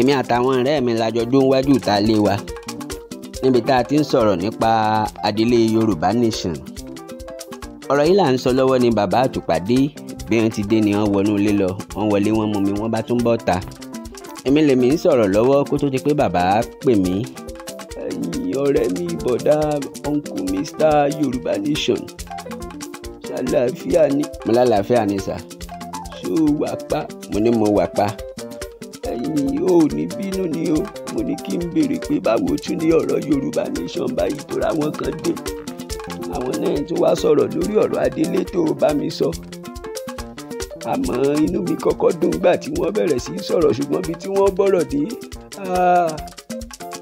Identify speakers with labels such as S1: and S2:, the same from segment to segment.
S1: èmi àtàwọn ọ̀rẹ́ mi la jọ jó wájú ìta lé wa níbi tá a ti ń sọ̀rọ̀ nípa adílé Yorùbá nation ọ̀rọ̀ yìí là ń sọ lọ́wọ́ ni bàbá àtùpàdé bí wọ́n ti dé ni wọ́n wọnú ilé lọ wọ́n wọlé wọ́n mú mi wọ́n bá tún bọ́ ta èmi lèmi ń sọ̀rọ̀ lọ́wọ́ kó tó ti pé bàbá pè mí ọ̀rẹ́ mi bọ̀dá uncle Mr Yorùbá nation ṣàlàáfíà ni. mo lálàáfíà ni sà. ṣó wà pa. mo ní mo wà pa mi ò ní bínú ni o mo ní kí n béèrè pé báwo tún ní ọ̀rọ̀ Yorùbá nation báyìí tó ra wọn kan dé àwọn náà tó wá sọ̀rọ̀ lórí ọ̀rọ̀ adélé tó bá mi sọ àmọ́ inú mi kọ́kọ́ dùn gbà tí wọ́n bẹ̀rẹ̀ sí í sọ̀rọ̀ ṣùgbọ́n bí tí wọ́n bọ̀rọ̀ dé ah,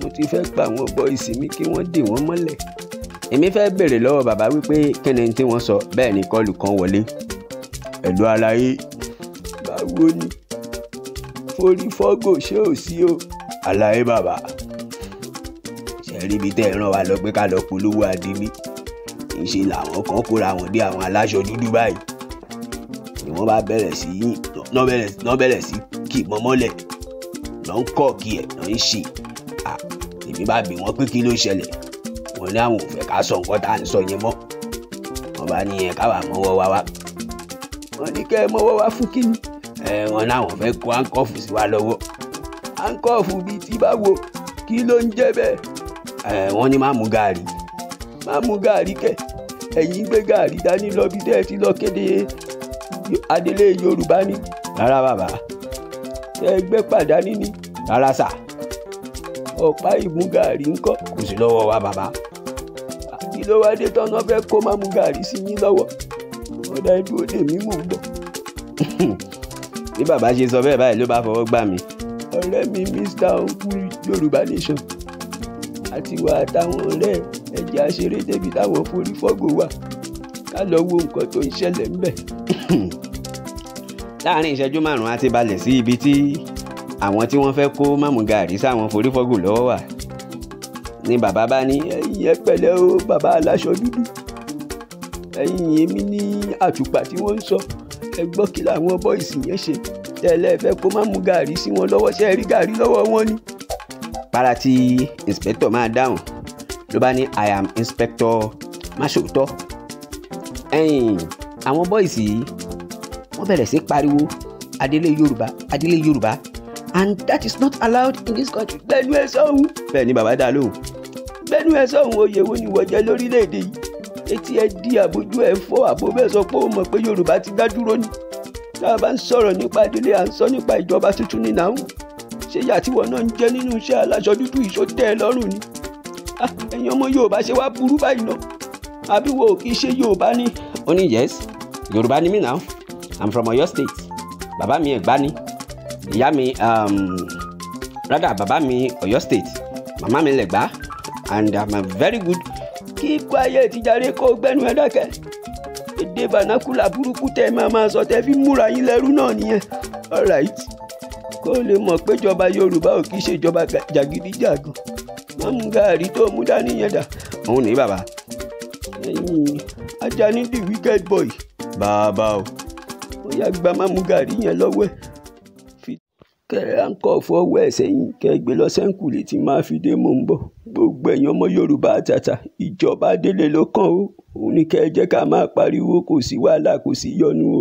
S1: mo ti fẹ́ pa àwọn bọ́ìsì mi kí wọ́n dè wọ́n mọ́lẹ̀ èmi fẹ́ bèrè lọ́wọ́ bàbá wípé kíni tí wọ́n sọ bẹ́ẹ̀ ni kọ́ọ̀lù kan wọlé ẹ̀lú aláyé báwo ni forí fọ́gò ṣé ò sí o àlàyé bàbá ṣẹ́rí ibi tẹ́ ẹ ràn wá lọ pé ká lọ polówó adínní ìṣe làwọn kan kóra wọn dé àwọn aláṣọ dúdú báyìí ni wọ́n bá bẹ̀rẹ̀ sí yín náà bẹ̀rẹ̀ sí kì mọ́mọ́lẹ̀ náà ń kọ́ kí ẹ̀ náà ń ṣe èmi bá bi wọ́n pé kí ló ṣẹlẹ̀ wọ́n ní àwọn ò fẹ́ ká sọ nǹkan tá à ń sọ yẹn mọ́ wọ́n bá ní yẹn káwa mọ́wọ́ wá wá wọ́n ní kẹ́ ẹ mọ́wọ́ wá fún kí ni ẹ wọn láwọn fẹ́ kó áńkọ́ọ̀fù sí wa lọ́wọ́ áńkọ́ọ̀fù bíi ti báwo kí ló ń jẹ́ bẹ́ẹ̀ ẹ wọ́n ní má mú gààrí má mú gààrí kẹ̀ ẹ̀yin gbé gààrí dání lọ bí tẹ́ ẹ ti lọ kéde adelé yorùbá ni rárá bàbá ẹgbẹ́ pàdánù ni rárá sà ọ̀pá ìmúgàrí ńkọ́ kò sí lọ́wọ́ wa bàbá kí ló wá dé tọ́nà fẹ́ kó má mú gàrí sí yín lọ́wọ́ ọ̀dà ẹdúró dèmí mò ń bọ̀ bí bàbá ṣe sọ bẹ́ẹ̀ báyìí ló bá fọwọ́ gbà mí ọ̀rẹ́ mi Mr Onkuri Yorùbá Nation àti wà àtàwọn ọ̀rẹ́ ẹ̀jẹ̀ àṣeré débi táwọn forí fọ́gò wà ká lọ wo nǹkan tó ń ṣẹlẹ̀ ńbẹ̀. láàárín ìṣẹ́jú márùn-ún a ti balẹ̀ sí ibi tí àwọn tí wọ́n fẹ́ kó mọ̀mú gàrí sáwọn forí fọ́gò lọ́wọ́ wà ni bàbá bá ní ẹ̀yin ẹ pẹ̀lẹ́ o bàbá aláṣọ dúdú ẹ̀yin èmi ní àtùpà tí wọ́n ń sọ ẹ gbọ́ kí làwọn bọ́ìsì yẹn ṣe tẹ́lẹ̀ fẹ́ kó má mú gàrí sí wọn lọ́wọ́ ṣe rí gàrí lọ́wọ́ wọn ni. para tí inspector máa dáhùn ló bá ní i am inspector maṣòótọ́ ẹ̀yìn àwọn bọ́ìsì yìí wọ́n bẹ̀rẹ̀ sí pariwo adélé yorùbá adélé yorùbá and that is not allowed in this country. gbẹnu ẹ sọhùn. bẹ́ẹ̀ ni bàbá dá lóhùn. gbẹnu ẹ sọhùn oyè wo ni wọ́n jẹ lórílẹ̀‐èdè yìí etí ẹ di àbójú ẹ fọ́ àbó bẹ́ẹ̀ sọ pé ó mọ̀ pé Yorùbá ti dá dúró ni tá a bá ń sọ̀rọ̀ nípa ìdílé à ń sọ nípa ìjọba tuntun ní nàún ṣé ìyà tí wọn náà ń jẹ nínú iṣẹ́ aláṣọ dúdú ìṣó tẹ́ ẹ lọ́rùn ni ah, ẹ̀yin ọmọ Yorùbá ṣe wá burú báyìí náà àbí wo kì í ṣe Yorùbá ni. ó ní yes Yorùbá ni mí náà I'm from Oyo State bàbá mi Ẹ̀gbá ni ìyá mi um, rádà bàbá mi Oyo State màmá mi lẹ̀gbá and I'm a very good keep quiet jàre kó o gbẹ́nu ẹ dákẹ́ èdè vernacular burúkú tẹ́ ẹ máa máa sọ tẹ́ fi múra yín lẹ́rú náà nìyẹn all right kó o lè mọ̀ pé ìjọba yorùbá ò kì í ṣe ìjọba jàgídíjàgan má mú gàárì tó mú dání yẹn dà. òun ní bàbá. ẹyin ajá ní the wicked boy. bàbá o. ó yá gba má mú gàárì yẹn lọ́wọ́ ẹ̀ kẹ́ ẹ ránkọ̀ fọwọ́ ẹ̀ sẹ́yìn kẹ́ ẹ gbé lọ sẹ́ńkùlì tí máa fi dé mò ń bọ̀ gbogbo ẹ̀yàn ọmọ yorùbá àtàtà ìjọba délé ló kàn ó òun ni kẹ́ ẹ jẹ́ ká máa pariwo kò sí wàhálà kò sí yọnu o.